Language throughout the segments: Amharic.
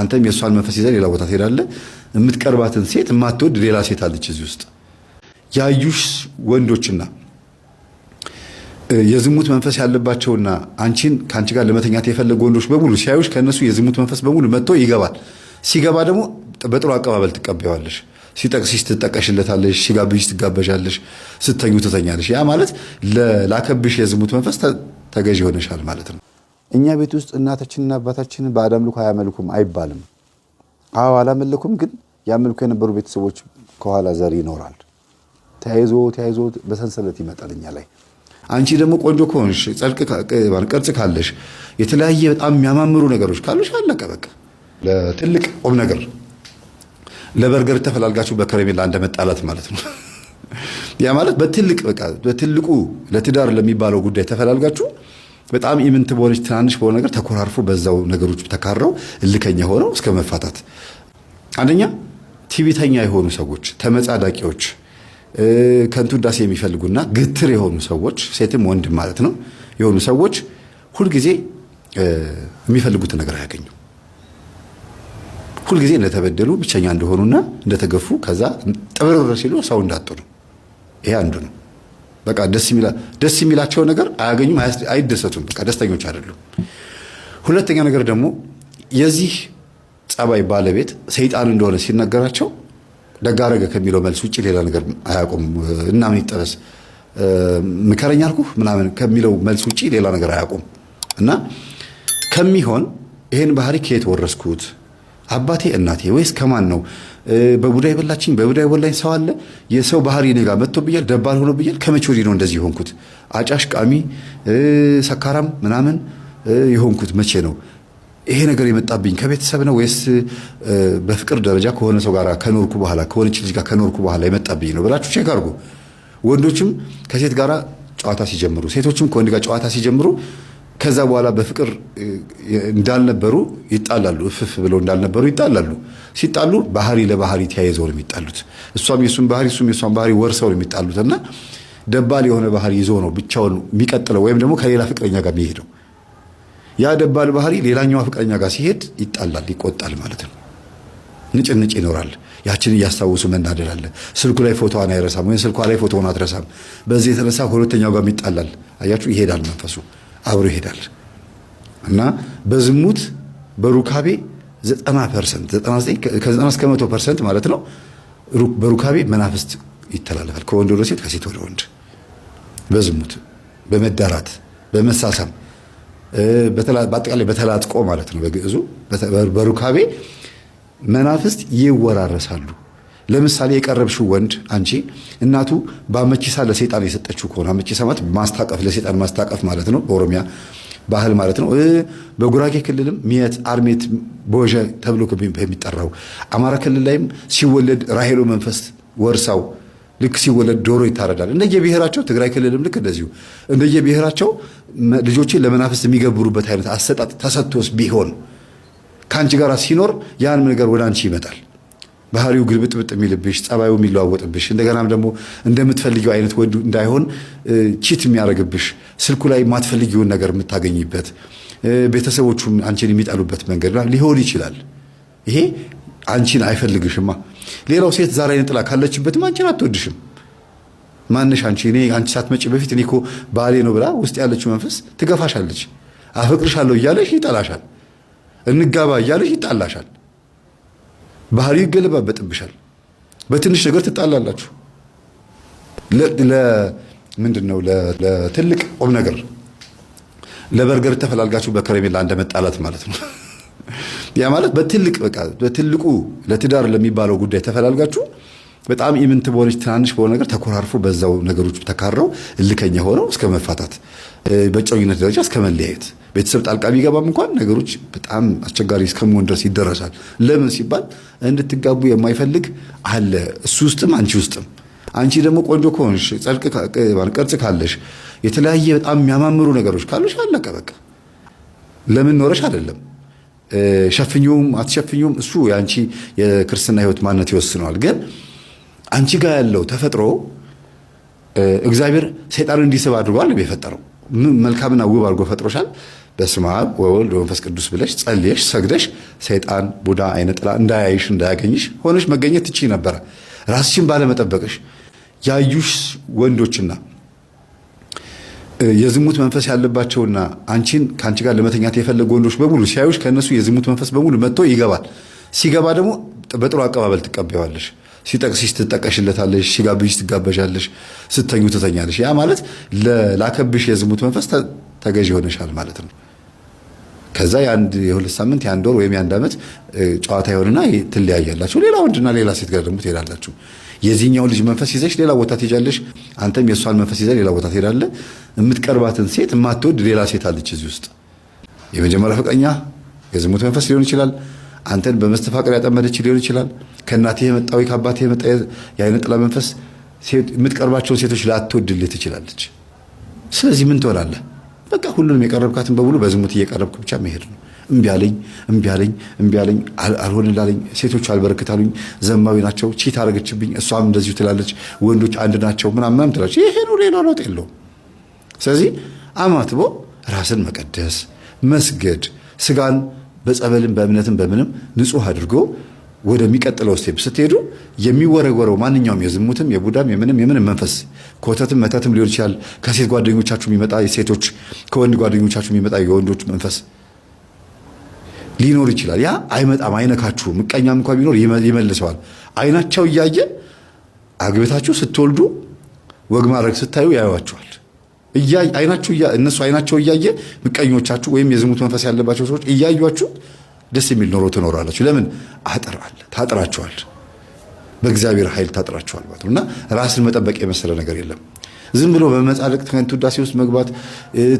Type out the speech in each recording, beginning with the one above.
አንተም የእሷን መንፈስ ይዘህ ሌላ ቦታ ትሄዳለህ። የምትቀርባትን ሴት የማትወድ ሌላ ሴት አለች እዚህ ውስጥ። ያዩሽ ወንዶችና የዝሙት መንፈስ ያለባቸውና አንቺን ከአንቺ ጋር ለመተኛት የፈለጉ ወንዶች በሙሉ ሲያዩሽ ከእነሱ የዝሙት መንፈስ በሙሉ መጥቶ ይገባል። ሲገባ ደግሞ በጥሩ አቀባበል ትቀበዋለሽ። ሲጠቅስሽ ትጠቀሽለታለሽ። ሲጋብዥሽ ትጋበዣለሽ። ስተኙ ትተኛለሽ። ያ ማለት ላከብሽ የዝሙት መንፈስ ተገዥ ይሆነሻል ማለት ነው። እኛ ቤት ውስጥ እናታችንና አባታችንን ልኩ አያመልኩም አይባልም። አዎ አላመልኩም፣ ግን ያመልኩ የነበሩ ቤተሰቦች ከኋላ ዘር ይኖራል። ተያይዞ ተያይዞ በሰንሰለት ይመጣል እኛ ላይ። አንቺ ደግሞ ቆንጆ ከሆንሽ ቅርጽ ካለሽ የተለያየ በጣም የሚያማምሩ ነገሮች ካሉሽ አለቀ በቃ። ለትልቅ ቁም ነገር ለበርገር ተፈላልጋችሁ በከረሜላ እንደመጣላት ማለት ነው። ያ ማለት በትልቅ በቃ በትልቁ ለትዳር ለሚባለው ጉዳይ ተፈላልጋችሁ በጣም ኢምንት በሆነች ትናንሽ በሆነ ነገር ተኮራርፎ በዛው ነገሮች ተካረው እልከኛ ሆነው እስከ መፋታት አንደኛ ቲቪተኛ የሆኑ ሰዎች፣ ተመጻዳቂዎች፣ ከንቱ ዳሴ የሚፈልጉና ግትር የሆኑ ሰዎች ሴትም ወንድም ማለት ነው የሆኑ ሰዎች ሁልጊዜ የሚፈልጉትን ነገር አያገኙ ሁልጊዜ እንደተበደሉ ብቸኛ እንደሆኑና እንደተገፉ ከዛ ጥብርር ሲሉ ሰው እንዳጡ ነው። ይሄ አንዱ ነው። በቃ ደስ የሚላ ደስ የሚላቸው ነገር አያገኙም፣ አይደሰቱም። በቃ ደስተኞች አይደሉም። ሁለተኛ ነገር ደግሞ የዚህ ጸባይ ባለቤት ሰይጣን እንደሆነ ሲነገራቸው ደጋረገ ከሚለው መልስ ውጭ ሌላ ነገር አያውቁም። እና ምን ይጠበስ ምከረኝ አልኩህ ምናምን ከሚለው መልስ ውጭ ሌላ ነገር አያውቁም። እና ከሚሆን ይሄን ባህሪ ከየት ወረስኩት አባቴ እናቴ ወይስ ከማን ነው በቡዳይ የበላችኝ በቡዳይ የበላኝ ሰው አለ። የሰው ባህሪ እኔ ጋር መጥቶብኛል፣ ደባል ብያል። ከመቼ ወዲህ ነው እንደዚህ የሆንኩት? አጫሽ ቃሚ፣ ሰካራም ምናምን የሆንኩት መቼ ነው? ይሄ ነገር የመጣብኝ ከቤተሰብ ነው ወይስ በፍቅር ደረጃ ከሆነ ሰው ጋር ከኖርኩ በኋላ ከሆነች ልጅ ጋር ከኖርኩ በኋላ የመጣብኝ ነው ብላችሁ ቼክ አድርጉ። ወንዶችም ከሴት ጋር ጨዋታ ሲጀምሩ፣ ሴቶችም ከወንድ ጋር ጨዋታ ሲጀምሩ ከዛ በኋላ በፍቅር እንዳልነበሩ ይጣላሉ። እፍፍ ብለው እንዳልነበሩ ይጣላሉ። ሲጣሉ ባህሪ ለባህሪ ተያይዘው ነው የሚጣሉት። እሷም የሱን ባህሪ እሱም የሷን ባህሪ ወርሰው ነው የሚጣሉት እና ደባል የሆነ ባህሪ ይዞ ነው ብቻውን የሚቀጥለው ወይም ደግሞ ከሌላ ፍቅረኛ ጋር የሚሄደው። ያ ደባል ባህሪ ሌላኛዋ ፍቅረኛ ጋር ሲሄድ ይጣላል፣ ይቆጣል ማለት ነው። ንጭንጭ ይኖራል። ያችን እያስታወሱ መናደድ አለ። ስልኩ ላይ ፎቶዋን አይረሳም ወይም ስልኳ ላይ ፎቶውን አትረሳም። በዚህ የተነሳ ሁለተኛው ጋር ይጣላል። አያችሁ፣ ይሄዳል መንፈሱ። አብሮ ይሄዳል እና በዝሙት በሩካቤ 90 ፐርሰንት 99 እስከ 100 ፐርሰንት ማለት ነው። በሩካቤ መናፍስት ይተላለፋል ከወንድ ወደ ሴት ከሴት ወደ ወንድ በዝሙት በመዳራት በመሳሳም በአጠቃላይ በተላጥቆ ማለት ነው በግዕዙ በሩካቤ መናፍስት ይወራረሳሉ። ለምሳሌ የቀረብሽው ወንድ አንቺ እናቱ በአመቺሳ ለሴጣን የሰጠችው ከሆነ አመቺሳ ማለት ማስታቀፍ ለሴጣን ማስታቀፍ ማለት ነው፣ በኦሮሚያ ባህል ማለት ነው። በጉራጌ ክልልም ሚየት አርሜት ቦዣ ተብሎ የሚጠራው አማራ ክልል ላይም ሲወለድ ራሄሎ መንፈስ ወርሳው ልክ ሲወለድ ዶሮ ይታረዳል። እንደየብሔራቸው ትግራይ ክልልም ልክ እንደዚሁ እንደየብሔራቸው ልጆችን ለመናፈስ የሚገብሩበት አይነት አሰጣጥ ተሰጥቶስ ቢሆን ከአንቺ ጋር ሲኖር ያን ነገር ወደ አንቺ ይመጣል። ባህሪው ግልብጥብጥ የሚልብሽ ጸባዩ የሚለዋወጥብሽ እንደገናም ደግሞ እንደምትፈልጊው አይነት ወንድ እንዳይሆን ቺት የሚያደርግብሽ ስልኩ ላይ የማትፈልጊውን ነገር የምታገኝበት ቤተሰቦቹም አንቺን የሚጠሉበት መንገድ ሊሆን ይችላል። ይሄ አንቺን አይፈልግሽማ። ሌላው ሴት ዛሬ አይነት ጥላ ካለችበትም አንቺን አትወድሽም። ማንሽ አንቺ እኔ አንቺ ሳትመጪ በፊት እኔ እኮ ባሌ ነው ብላ ውስጥ ያለችው መንፈስ ትገፋሻለች። አፈቅርሻለሁ እያለሽ ይጠላሻል። እንጋባ እያለሽ ይጣላሻል። ባህሪው ይገለባበጥብሻል። በትንሽ ነገር ትጣላላችሁ። ምንድን ነው ለትልቅ ቁም ነገር ለበርገር ተፈላልጋችሁ በከረሜላ እንደመጣላት ማለት ነው። ያ ማለት በትልቅ በቃ በትልቁ ለትዳር ለሚባለው ጉዳይ ተፈላልጋችሁ በጣም ኢምንት በሆነች ትናንሽ በሆነ ነገር ተኮራርፎ በዛው ነገሮች ተካረው እልከኛ ሆነው እስከ መፋታት ደረጃ እስከ መለያየት ቤተሰብ ጣልቃ ቢገባም እንኳን ነገሮች በጣም አስቸጋሪ እስከመሆን ድረስ ይደረሳል። ለምን ሲባል እንድትጋቡ የማይፈልግ አለ፣ እሱ ውስጥም አንቺ ውስጥም። አንቺ ደግሞ ቆንጆ ከሆንሽ ቅርጽ ካለሽ የተለያየ በጣም የሚያማምሩ ነገሮች ካሉሽ አለቀ በቃ። ለምን ኖረሽ አይደለም ሸፍኙም አትሸፍኙም እሱ የአንቺ የክርስትና ህይወት ማንነት ይወስነዋል። ግን አንቺ ጋር ያለው ተፈጥሮ እግዚአብሔር ሰይጣን እንዲስብ አድርጓል የፈጠረው መልካምና ውብ አድርጎ ፈጥሮሻል። በስመ አብ ወወልድ ወመንፈስ ቅዱስ ብለሽ ጸልየሽ ሰግደሽ ሰይጣን ቡዳ አይነጥላ እንዳያይሽ እንዳያገኝሽ ሆነሽ መገኘት ትችይ ነበረ። ራስሽን ባለመጠበቅሽ ያዩሽ ወንዶችና የዝሙት መንፈስ ያለባቸውና አንቺን ከአንቺ ጋር ለመተኛት የፈለጉ ወንዶች በሙሉ ሲያዩሽ ከእነሱ የዝሙት መንፈስ በሙሉ መጥቶ ይገባል። ሲገባ ደግሞ በጥሩ አቀባበል ትቀበዋለሽ። ሲጠቅስሽ ትጠቀሽለታለሽ። ሲጋብዥሽ ትጋበዣለሽ። ስተኙ ትተኛለሽ። ያ ማለት ላከብሽ የዝሙት መንፈስ ተገዥ ሆነሻል ማለት ነው። ከዛ የአንድ የሁለት ሳምንት የአንድ ወር ወይም የአንድ ዓመት ጨዋታ ይሆንና ትለያያላችሁ። ሌላ ወንድና ሌላ ሴት ጋር ደግሞ ትሄዳላችሁ። የዚህኛውን ልጅ መንፈስ ይዘሽ ሌላ ቦታ ትሄጃለሽ። አንተም የእሷን መንፈስ ይዘ ሌላ ቦታ ትሄዳለ የምትቀርባትን ሴት የማትወድ ሌላ ሴት አለች እዚህ ውስጥ። የመጀመሪያ ፍቅረኛ የዝሙት መንፈስ ሊሆን ይችላል። አንተን በመስተፋቅር ያጠመደች ሊሆን ይችላል። ከእናትህ የመጣ ወይ የመጣ የአይነ ጥላ መንፈስ የምትቀርባቸውን ሴቶች ላትወድልህ ትችላለች። ስለዚህ ምን ትሆናለህ? በቃ ሁሉንም የቀረብካትን በሙሉ በዝሙት እየቀረብክ ብቻ መሄድ ነው። እምቢ አለኝ፣ እምቢ አለኝ፣ እምቢ አለኝ፣ አልሆንላለኝ፣ ሴቶቹ አልበረክታሉኝ፣ ዘማዊ ናቸው፣ ቺት አረገችብኝ፣ እሷም እንደዚሁ ትላለች፣ ወንዶች አንድ ናቸው ምናምናም ትላለች። ይሄ ነው፣ ሌላ ለውጥ የለውም። ስለዚህ አማትቦ ራስን መቀደስ መስገድ፣ ስጋን በጸበልን በእምነትን በምንም ንጹህ አድርጎ ወደሚቀጥለው ስቴፕ ስትሄዱ የሚወረወረው ማንኛውም የዝሙትም የቡዳም የምንም የምንም መንፈስ ኮተትም መተትም ሊሆን ይችላል። ከሴት ጓደኞቻችሁ የሚመጣ የሴቶች ከወንድ ጓደኞቻችሁ የሚመጣ የወንዶች መንፈስ ሊኖር ይችላል። ያ አይመጣም፣ አይነካችሁ። ምቀኛም እንኳ ቢኖር ይመልሰዋል። አይናቸው እያየ አግብታችሁ ስትወልዱ ወግ ማድረግ ስታዩ ያዩዋችኋል። እነሱ አይናቸው እያየ ምቀኞቻችሁ ወይም የዝሙት መንፈስ ያለባቸው ሰዎች እያዩችሁ ደስ የሚል ኖሮ ትኖራላችሁ። ለምን አጥር አለ፣ ታጥራችኋል። በእግዚአብሔር ኃይል ታጥራችኋል ማለት ነው እና ራስን መጠበቅ የመሰለ ነገር የለም። ዝም ብሎ በመጻደቅ ከንቱ ውዳሴ ውስጥ መግባት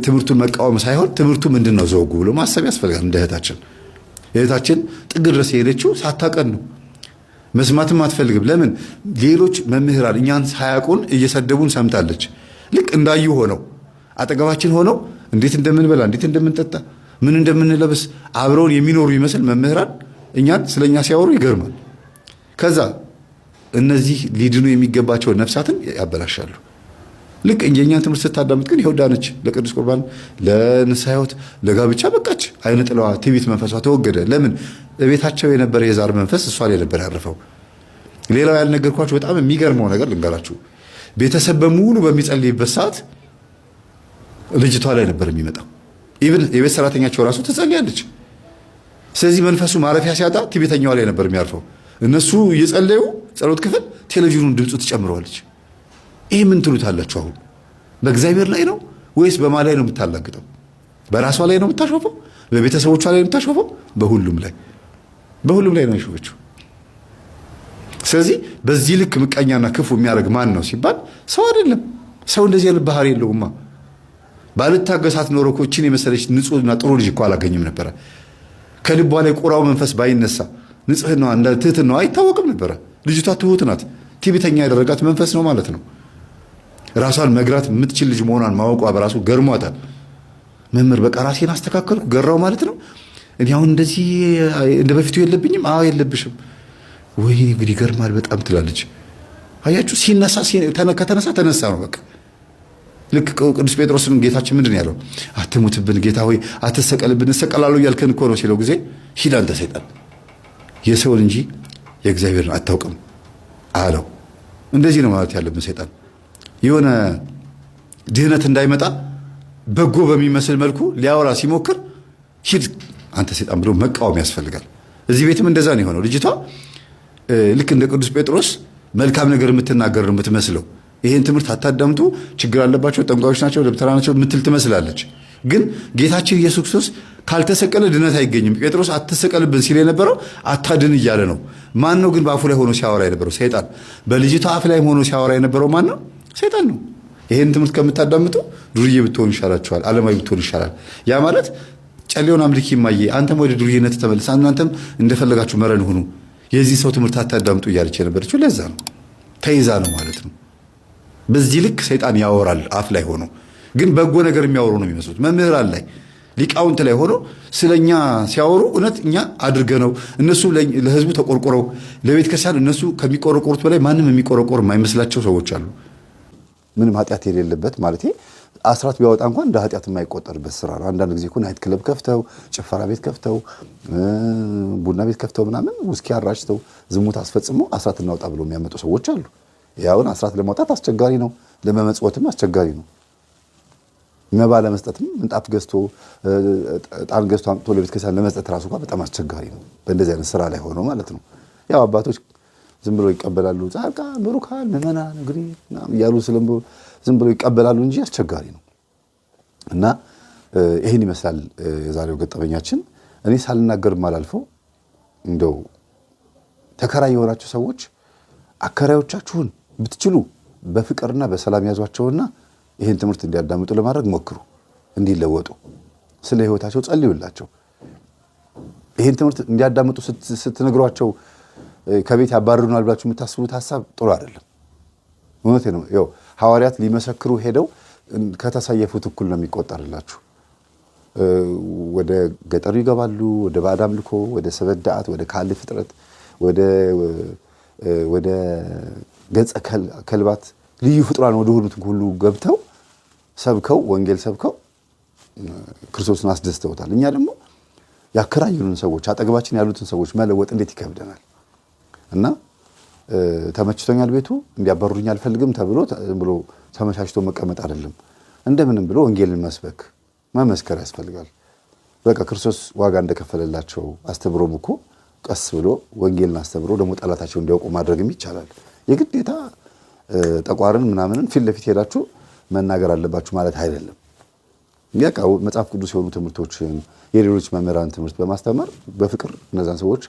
ትምህርቱን መቃወም ሳይሆን ትምህርቱ ምንድን ነው ዘውጉ ብሎ ማሰብ ያስፈልጋል። እንደ እህታችን እህታችን ጥግ ድረስ የሄደችው ሳታቀን ነው። መስማትም አትፈልግም። ለምን ሌሎች መምህራን እኛን ሳያቁን እየሰደቡን ሰምታለች። ልክ እንዳዩ ሆነው አጠገባችን ሆነው እንዴት እንደምንበላ እንዴት እንደምንጠጣ ምን እንደምንለብስ አብረውን የሚኖሩ ይመስል መምህራን እኛን ስለኛ ሲያወሩ ይገርማል። ከዛ እነዚህ ሊድኑ የሚገባቸውን ነፍሳትን ያበላሻሉ። ልክ የእኛን ትምህርት ስታዳምጥ ግን ይኸው ዳነች፣ ለቅዱስ ቁርባን፣ ለንስሐ ሕይወት፣ ለጋብቻ በቃች። አይነ ጥለዋ ትዕቢት መንፈሷ ተወገደ። ለምን? ቤታቸው የነበረ የዛር መንፈስ እሷ ላይ ነበር ያረፈው። ሌላው ያልነገርኳችሁ በጣም የሚገርመው ነገር ልንገራችሁ። ቤተሰብ በሙሉ በሚጸልይበት ሰዓት ልጅቷ ላይ ነበር የሚመጣው ኢቭን የቤት ሰራተኛቸው ራሱ ትጸልያለች። ስለዚህ መንፈሱ ማረፊያ ሲያጣ ትቤተኛዋ ላይ ነበር የሚያርፈው። እነሱ እየጸለዩ ጸሎት ክፍል ቴሌቪዥኑን ድምፁ ትጨምረዋለች። ይህ ምን ትሉታላችሁ? አሁን በእግዚአብሔር ላይ ነው ወይስ በማ ላይ ነው የምታላግጠው? በራሷ ላይ ነው የምታሾፈው? በቤተሰቦቿ ላይ ነው የምታሾፈው? በሁሉም ላይ በሁሉም ላይ ነው የሾፈችው። ስለዚህ በዚህ ልክ ምቀኛና ክፉ የሚያደርግ ማን ነው ሲባል ሰው አይደለም። ሰው እንደዚህ ያለ ባህሪ የለውማ። ባልታገሳት ኖሮ እኮ እችን የመሰለች ንጹህና ጥሩ ልጅ እኮ አላገኝም ነበረ። ከልቧ ላይ ቁራው መንፈስ ባይነሳ ንጽህና እንደ ትህትናዋ አይታወቅም ነበረ። ልጅቷ ትሁት ናት። ቲቢተኛ ያደረጋት መንፈስ ነው ማለት ነው። ራሷን መግራት የምትችል ልጅ መሆኗን ማወቋ በራሱ ገርሟታል። መምህር በቃ ራሴን አስተካከልኩ ገራው ማለት ነው። እኔ አሁን እንደዚህ እንደ በፊቱ የለብኝም። አዎ የለብሽም። ወይ እንግዲህ ገርማል በጣም ትላለች። አያችሁ ሲነሳ ከተነሳ ተነሳ ነው በቃ ልክ ቅዱስ ጴጥሮስን ጌታችን ምንድን ያለው አትሙትብን ጌታ ሆይ አትሰቀልብን እሰቀላለሁ እያልከን እኮ ነው ሲለው ጊዜ ሂድ አንተ ሰይጣን የሰውን እንጂ የእግዚአብሔርን አታውቅም አለው። እንደዚህ ነው ማለት ያለብን። ሰይጣን የሆነ ድህነት እንዳይመጣ በጎ በሚመስል መልኩ ሊያወራ ሲሞክር ሂድ አንተ ሰይጣን ብሎ መቃወም ያስፈልጋል። እዚህ ቤትም እንደዛ ነው የሆነው። ልጅቷ ልክ እንደ ቅዱስ ጴጥሮስ መልካም ነገር የምትናገር የምትመስለው ይሄን ትምህርት አታዳምጡ፣ ችግር አለባቸው፣ ጠንቋዮች ናቸው፣ ደብተራ ናቸው የምትል ትመስላለች። ግን ጌታችን ኢየሱስ ክርስቶስ ካልተሰቀለ ድነት አይገኝም። ጴጥሮስ አትሰቀልብን ሲል የነበረው አታድን እያለ ነው። ማን ነው ግን በአፉ ላይ ሆኖ ሲያወራ የነበረው? ሰይጣን። በልጅቷ አፍ ላይ ሆኖ ሲያወራ የነበረው ማን ነው? ሰይጣን ነው። ይሄን ትምህርት ከምታዳምጡ ዱርዬ ብትሆን ይሻላችኋል፣ አለማዊ ብትሆን ይሻላል። ያ ማለት ጨሌውን አምልኪ እማዬ፣ አንተም ወደ ዱርዬነት ተመልስ፣ እናንተም እንደፈለጋችሁ መረን ሁኑ፣ የዚህ ሰው ትምህርት አታዳምጡ እያለች የነበረችው ለዛ ነው፣ ተይዛ ነው ማለት ነው። በዚህ ልክ ሰይጣን ያወራል አፍ ላይ ሆኖ ግን በጎ ነገር የሚያወሩ ነው የሚመስሉት መምህራን ላይ ሊቃውንት ላይ ሆኖ ስለኛ ሲያወሩ እውነት እኛ አድርገ ነው እነሱ ለህዝቡ ተቆርቆረው ለቤተ ክርስቲያን እነሱ ከሚቆረቆሩት በላይ ማንም የሚቆረቆር የማይመስላቸው ሰዎች አሉ። ምንም ኃጢአት የሌለበት ማለት አስራት ቢያወጣ እንኳን እንደ ኃጢአት የማይቆጠርበት ስራ ነው። አንዳንድ ጊዜ ናይት ክለብ ከፍተው ጭፈራ ቤት ከፍተው ቡና ቤት ከፍተው ምናምን ውስኪ አራጭተው ዝሙት አስፈጽሞ አስራት እናውጣ ብሎ የሚያመጡ ሰዎች አሉ። ያውን አስራት ለማውጣት አስቸጋሪ ነው። ለመመጽወትም አስቸጋሪ ነው። መባ ለመስጠትም ምንጣፍ ገዝቶ ጣን ገዝቶ አምጥቶ ለቤተ ክርስቲያን ለመስጠት ራሱ እንኳ በጣም አስቸጋሪ ነው። በእንደዚህ አይነት ስራ ላይ ሆኖ ማለት ነው። ያው አባቶች ዝም ብሎ ይቀበላሉ። ጻድቃ ብሩካን ምመና ንግሪ እያሉ ዝም ብሎ ይቀበላሉ እንጂ አስቸጋሪ ነው እና ይህን ይመስላል የዛሬው ገጠመኛችን። እኔ ሳልናገር አላልፈው እንደው ተከራይ የሆናችሁ ሰዎች አከራዮቻችሁን ብትችሉ በፍቅርና በሰላም ያዟቸውና ይህን ትምህርት እንዲያዳምጡ ለማድረግ ሞክሩ፣ እንዲለወጡ ስለ ህይወታቸው ጸልዩላቸው። ይህን ትምህርት እንዲያዳምጡ ስትነግሯቸው ከቤት ያባርሩናል ብላችሁ የምታስቡት ሀሳብ ጥሩ አይደለም። እውነቴ ነው። ያው ሐዋርያት ሊመሰክሩ ሄደው ከተሰየፉት እኩል ነው የሚቆጠርላችሁ። ወደ ገጠሩ ይገባሉ፣ ወደ ባዕድ አምልኮ፣ ወደ ሰበት ደዓት፣ ወደ ካል ፍጥረት፣ ወደ ገጸ ከልባት ልዩ ፍጡራን ወደ ሆኑት ሁሉ ገብተው ሰብከው ወንጌል ሰብከው ክርስቶስን አስደስተውታል። እኛ ደግሞ ያከራየኑን ሰዎች አጠገባችን ያሉትን ሰዎች መለወጥ እንዴት ይከብደናል? እና ተመችቶኛል፣ ቤቱ እንዲያባሩልኝ አልፈልግም ተብሎ ብሎ ተመቻችቶ መቀመጥ አይደለም። እንደምንም ብሎ ወንጌልን መስበክ መመስከር ያስፈልጋል። በቃ ክርስቶስ ዋጋ እንደከፈለላቸው አስተምሮም እኮ ቀስ ብሎ ወንጌልን አስተምሮ ደግሞ ጠላታቸው እንዲያውቁ ማድረግም ይቻላል። የግዴታ ጠቋርን ምናምንን ፊት ለፊት ሄዳችሁ መናገር አለባችሁ ማለት አይደለም። ያቃ መጽሐፍ ቅዱስ የሆኑ ትምህርቶችን የሌሎች መምህራን ትምህርት በማስተማር በፍቅር እነዛን ሰዎች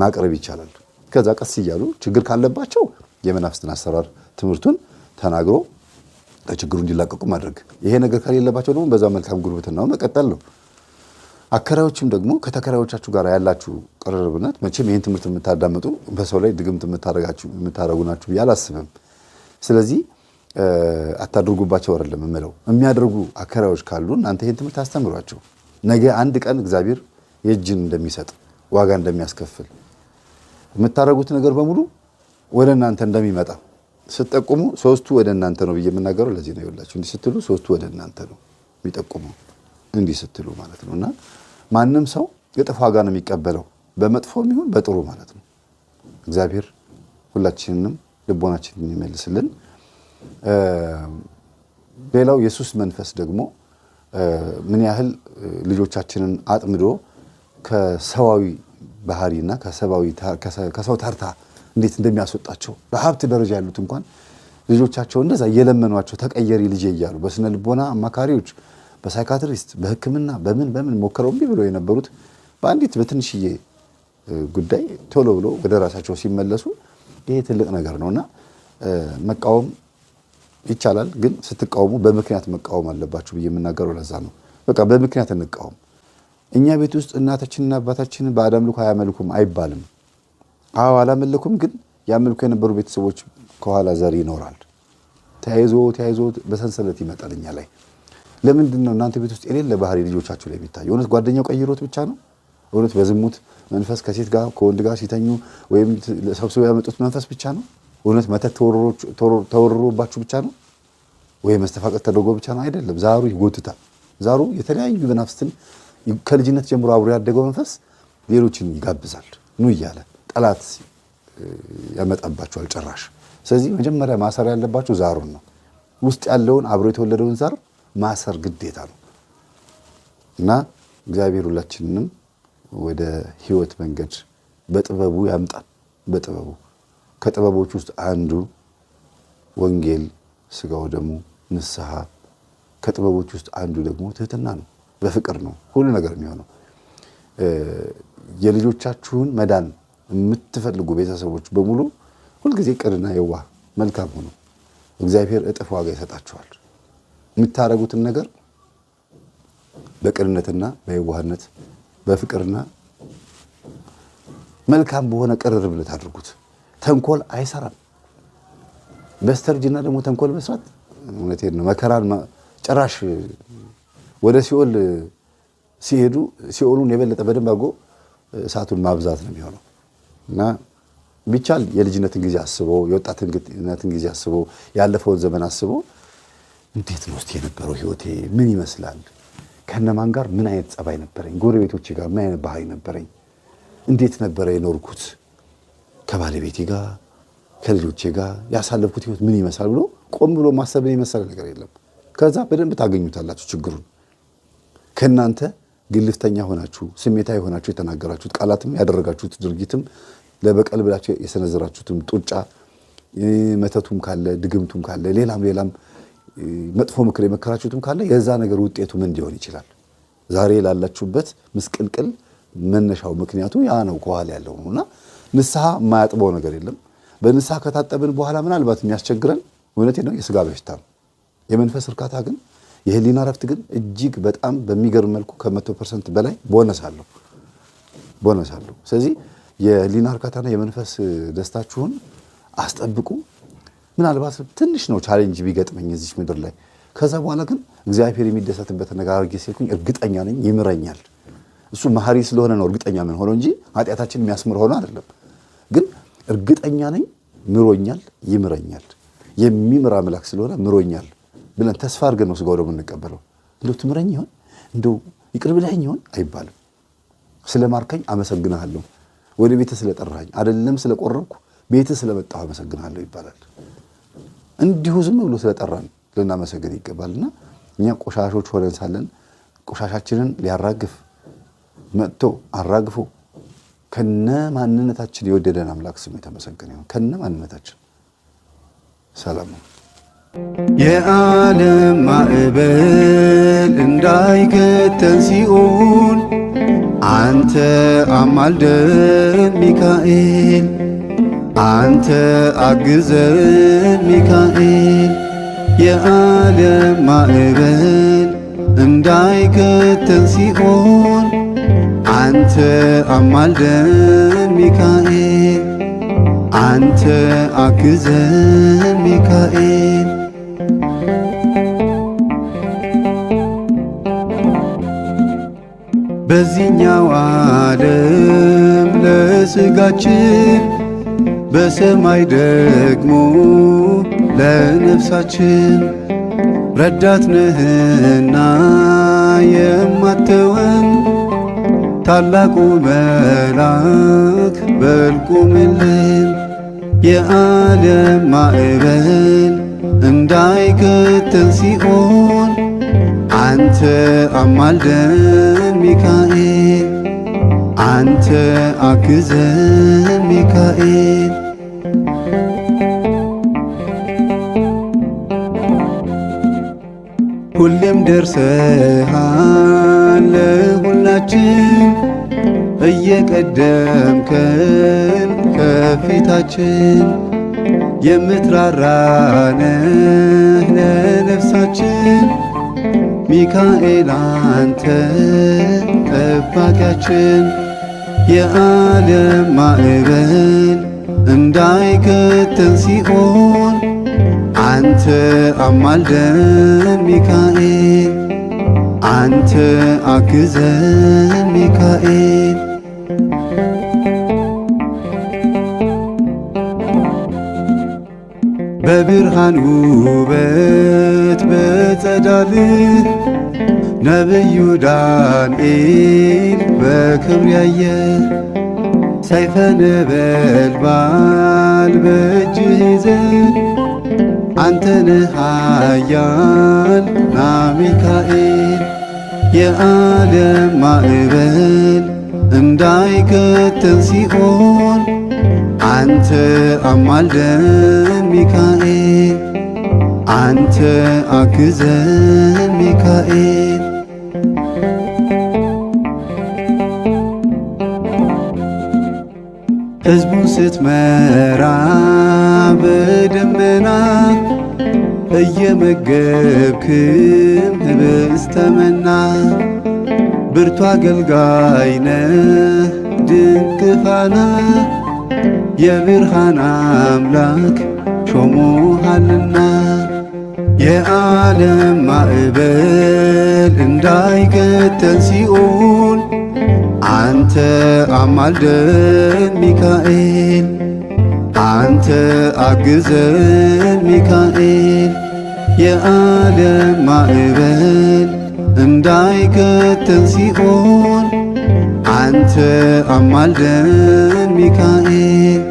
ማቅረብ ይቻላል። ከዛ ቀስ እያሉ ችግር ካለባቸው የመናፍስትን አሰራር ትምህርቱን ተናግሮ ከችግሩ እንዲላቀቁ ማድረግ፣ ይሄ ነገር ከሌለባቸው ደግሞ በዛ መልካም ጉርብትናው መቀጠል ነው። አከራዮችም ደግሞ ከተከራዮቻችሁ ጋር ያላችሁ ቅርርብነት መቼም ይህን ትምህርት የምታዳምጡ በሰው ላይ ድግምት የምታደረጉ ናችሁ ብዬ አላስብም። ስለዚህ አታድርጉባቸው አይደለም የምለው። የሚያደርጉ አከራዮች ካሉ እናንተ ይህን ትምህርት አስተምሯቸው። ነገ አንድ ቀን እግዚአብሔር የእጅን እንደሚሰጥ ዋጋ እንደሚያስከፍል የምታደርጉት ነገር በሙሉ ወደ እናንተ እንደሚመጣ ስትጠቁሙ፣ ሶስቱ ወደ እናንተ ነው ብዬ የምናገረው ለዚህ ነው። ይኸውላችሁ እንዲህ ስትሉ ሶስቱ ወደ እናንተ ነው የሚጠቁመው እንዲህ ስትሉ ማለት ነው እና ማንም ሰው የጥፍ ዋጋ ነው የሚቀበለው፣ በመጥፎ የሚሆን በጥሩ ማለት ነው። እግዚአብሔር ሁላችንንም ልቦናችንን ይመልስልን። ሌላው የሱስ መንፈስ ደግሞ ምን ያህል ልጆቻችንን አጥምዶ ከሰዋዊ ባህሪና ከሰው ተርታ እንዴት እንደሚያስወጣቸው በሀብት ደረጃ ያሉት እንኳን ልጆቻቸው እንደዛ እየለመኗቸው ተቀየሪ ልጄ እያሉ በስነ ልቦና አማካሪዎች በሳይካትሪስት በህክምና በምን በምን ሞከረው እምቢ ብሎ የነበሩት በአንዲት በትንሽዬ ጉዳይ ቶሎ ብሎ ወደ ራሳቸው ሲመለሱ ይሄ ትልቅ ነገር ነው እና መቃወም ይቻላል፣ ግን ስትቃወሙ በምክንያት መቃወም አለባችሁ ብዬ የምናገረው ለዛ ነው። በቃ በምክንያት እንቃወም። እኛ ቤት ውስጥ እናታችንና አባታችን በአዳም ልኮ አያመልኩም አይባልም። አዎ አላመለኩም፣ ግን ያመልኩ የነበሩ ቤተሰቦች ከኋላ ዘር ይኖራል። ተያይዞ ተያይዞ በሰንሰለት ይመጣል እኛ ላይ። ለምንድን ነው እናንተ ቤት ውስጥ የሌለ ባህሪ ልጆቻችሁ ላይ የሚታየው? እውነት ጓደኛው ቀይሮት ብቻ ነው? እውነት በዝሙት መንፈስ ከሴት ጋር ከወንድ ጋር ሲተኙ ወይም ሰብስበው ያመጡት መንፈስ ብቻ ነው? እውነት መተት ተወርሮባችሁ ብቻ ነው? ወይም መስተፋቀት ተደርጎ ብቻ ነው? አይደለም። ዛሩ ይጎትታል። ዛሩ የተለያዩ መናፍስትን ከልጅነት ጀምሮ አብሮ ያደገው መንፈስ ሌሎችን ይጋብዛል። ኑ እያለ ጠላት ያመጣባቸዋል ጭራሽ። ስለዚህ መጀመሪያ ማሰር ያለባቸው ዛሩን ነው። ውስጥ ያለውን አብሮ የተወለደውን ዛር ማሰር ግዴታ ነው እና እግዚአብሔር ሁላችንንም ወደ ህይወት መንገድ በጥበቡ ያምጣል። በጥበቡ ከጥበቦች ውስጥ አንዱ ወንጌል፣ ስጋው ደግሞ ንስሐ ከጥበቦች ውስጥ አንዱ ደግሞ ትህትና ነው። በፍቅር ነው ሁሉ ነገር የሚሆነው። የልጆቻችሁን መዳን የምትፈልጉ ቤተሰቦች በሙሉ ሁልጊዜ ቅንና የዋህ መልካም ሆኖ እግዚአብሔር እጥፍ ዋጋ ይሰጣችኋል። የምታደርጉትን ነገር በቅንነትና በየዋህነት በፍቅርና መልካም በሆነ ቅርርብነት አድርጉት። ተንኮል አይሰራም። በስተርጅና ደግሞ ተንኮል መስራት እውነቴን ነው መከራን ጭራሽ ወደ ሲኦል ሲሄዱ ሲኦሉን የበለጠ በደንብ አድርጎ እሳቱን ማብዛት ነው የሚሆነው እና ቢቻል የልጅነትን ጊዜ አስበው የወጣትነትን ጊዜ አስበው ያለፈውን ዘመን አስበው እንዴት ነው እስቲ የነበረው ህይወቴ ምን ይመስላል? ከነማን ጋር ምን አይነት ጸባይ ነበረኝ? ጎረቤቶች ጋር ምን አይነት ባህሪ ነበረኝ? እንዴት ነበረ የኖርኩት? ከባለቤቴ ጋር ከልጆቼ ጋር ያሳለፍኩት ህይወት ምን ይመስላል ብሎ ቆም ብሎ ማሰብን የመሰለ ነገር የለም። ከዛ በደንብ ታገኙታላችሁ ችግሩን። ከእናንተ ግልፍተኛ ሆናችሁ ስሜታዊ ሆናችሁ የተናገራችሁት ቃላትም ያደረጋችሁት ድርጊትም ለበቀል ብላችሁ የሰነዘራችሁትም ጡጫ መተቱም ካለ ድግምቱም ካለ ሌላም ሌላም መጥፎ ምክር የመከራችሁትም ካለ የዛ ነገር ውጤቱ ምን ሊሆን ይችላል? ዛሬ ላላችሁበት ምስቅልቅል መነሻው ምክንያቱ ያ ነው፣ ከኋላ ያለው ነውና ንስሐ የማያጥበው ነገር የለም። በንስሐ ከታጠብን በኋላ ምናልባት የሚያስቸግረን እውነቴ ነው የስጋ በሽታ ነው። የመንፈስ እርካታ ግን የህሊና ረፍት ግን እጅግ በጣም በሚገርም መልኩ ከመቶ ፐርሰንት በላይ ቦነሳለሁ ቦነሳለሁ። ስለዚህ የህሊና እርካታና የመንፈስ ደስታችሁን አስጠብቁ። ምናልባት ትንሽ ነው ቻሌንጅ ቢገጥመኝ እዚች ምድር ላይ። ከዛ በኋላ ግን እግዚአብሔር የሚደሰትበት ነገር አድርጌ ሲልኩኝ እርግጠኛ ነኝ ይምረኛል። እሱ መሀሪ ስለሆነ ነው እርግጠኛ ምን ሆኖ እንጂ ኃጢአታችን የሚያስምር ሆኖ አይደለም። ግን እርግጠኛ ነኝ ምሮኛል፣ ይምረኛል። የሚምር አምላክ ስለሆነ ምሮኛል ብለን ተስፋ አድርገን ነው ስጋ ደግሞ የምንቀበለው። እንደው ትምረኝ ይሆን እንደው ይቅር ብለኝ ይሆን አይባልም። ስለ ማርከኝ አመሰግናሃለሁ ወደ ቤተ ስለጠራኝ አይደለም ስለቆረብኩ ቤተ ስለመጣሁ አመሰግናለሁ ይባላል። እንዲሁ ዝም ብሎ ስለጠራን ልናመሰግን ይገባልና እኛ ቆሻሾች ሆነን ሳለን ቆሻሻችንን ሊያራግፍ መጥቶ አራግፎ ከነ ማንነታችን የወደደን አምላክ ስም የተመሰገነ ይሁን። ከነ ማንነታችን ሰላም የዓለም ማዕበል እንዳይከተን ሲኦል አንተ አማልደ ሚካኤል አንተ አግዘን ሚካኤል የዓለም ማዕበል እንዳይከተን ሲሆን አንተ አማልደን ሚካኤል አንተ አግዘን ሚካኤል በዚህኛው ዓለም ለስጋችን በሰማይ ደግሞ ለነፍሳችን ረዳት ነህና የማተወን ታላቁ መልአክ በልቁ ምልል የዓለም ማዕበል እንዳይከተን ሲሆን አንተ አማልደን ሚካኤል አንተ አግዘን ሚካኤል ሁሌም ደርሰሃል ለሁላችን እየቀደምከን ከፊታችን የምትራራነህ ለነፍሳችን ሚካኤል አንተ ጠባቂያችን የዓለም ማዕበል እንዳይከተን ሲሆን። አንተ አማልደን ሚካኤል አንተ አግዘን ሚካኤል በብርሃን ውበት በጸዳልህ ነቢዩ ዳንኤል በክብር ያየ ሰይፈ ነበልባል በእጅህ ይዘህ አንተ ኃያል ናሚካኤል ሚካኤል የዓለም ማዕበል እንዳይከተን ሲኦል አንተ አማልደን ሚካኤል አንተ አግዘን ሚካኤል ስትመራ በደመና እየመገብክም ህብስተመና ብርቱ አገልጋይነ ድንቅ ፋና የብርሃን አምላክ ሾሞሃልና የዓለም ማዕበል እንዳይከተል ሲኦል አንተ አማልደን ሚካኤል፣ አንተ አግዘን ሚካኤል፣ የዓለም ማዕበል እንዳይከተን ሲኦል አንተ አማልደን ሚካኤል፣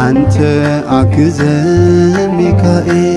አንተ አግዘን ሚካኤል